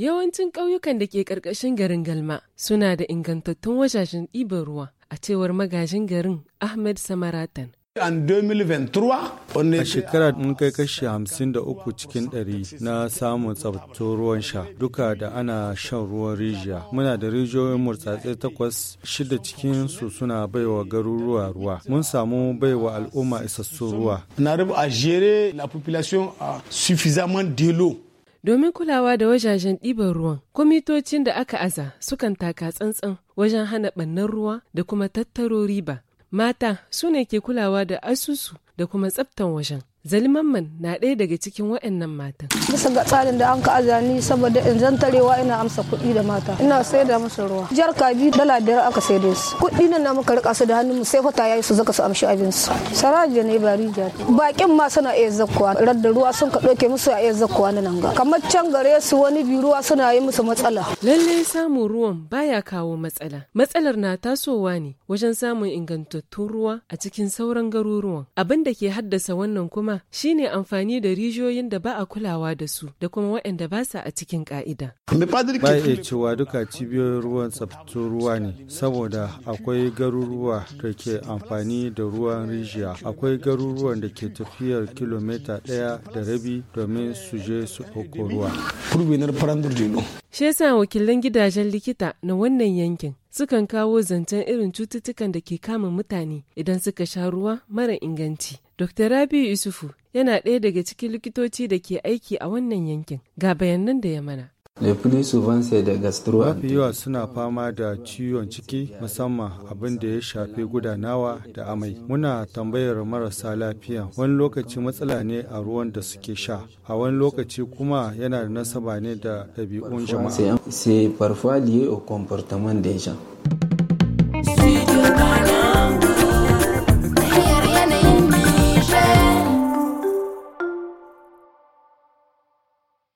Yawancin ƙauyukan da ke ƙarƙashin garin Galma suna da ingantattun wajajen ɗiban ruwa, a cewar magajin garin Ahmed Samaratan. A shekara mun kai kashi hamsin da uku cikin ɗari na samun tsabtun ruwan sha duka da ana shan ruwan rijiya. Muna da rijiyoyin murtsatse takwas shida cikin su suna baiwa garuruwa ruwa. Mun samu baiwa al'umma isassun ruwa. Na rubu a jere la population a suffisamment de l'eau. domin kulawa da wajajen ɗiban ruwan. Kwamitocin da aka aza sukan taka tsantsan wajen hana ɓannan ruwa da kuma tattaro riba. Mata su ne ke kulawa da asusu da kuma tsaftan wajen. Zalmamman na ɗaya daga cikin waɗannan matan. Bisa ga tsarin da an ka azani saboda in zantarewa ina amsa kuɗi da mata. Ina sai da musu ruwa. Jar kabi dala biyar aka sai da su. Kuɗi nan na muka rika su da hannun mu sai fata ya yi su zaka su amshi abin su. Saraje ne ba rija. Bakin ma suna iya zakkuwa. Radda ruwa sun ka ɗauke musu a iya zakkuwa na nan ga. Kamar can gare su wani biyu, ruwa suna yi musu matsala. Lalle samun ruwan baya kawo matsala. Matsalar na tasowa ne wajen samun ingantattun ruwa a cikin sauran garuruwan. Abin da ke haddasa wannan kuma dama shine amfani da rijiyoyin da ba a kulawa da su da kuma waɗanda ba sa a cikin ƙa'ida. Ba iya cewa duka cibiyoyin ruwan tsaftar ruwa ne, saboda akwai garuruwa da ke amfani da ruwan rijiya, akwai garuruwan da ke tafiyar kilomita ɗaya da rabi domin su je su ɗauko ruwa. Shi yasa wakilan gidajen likita na wannan yankin sukan kawo zancen irin cututtukan da ke kama mutane idan suka sha ruwa mara inganci Dr. Rabiu Yusufu yana ɗaya daga cikin likitoci da ke aiki a wannan yankin ga bayanan da ya mana. Mafi yawa suna fama da ciwon ciki musamman abin da ya shafi gudanawa da amai. Muna tambayar marasa lafiya wani lokaci matsala ne a ruwan da suke sha, a wani lokaci kuma yana da nasaba ne da ɗabi'un jama'a.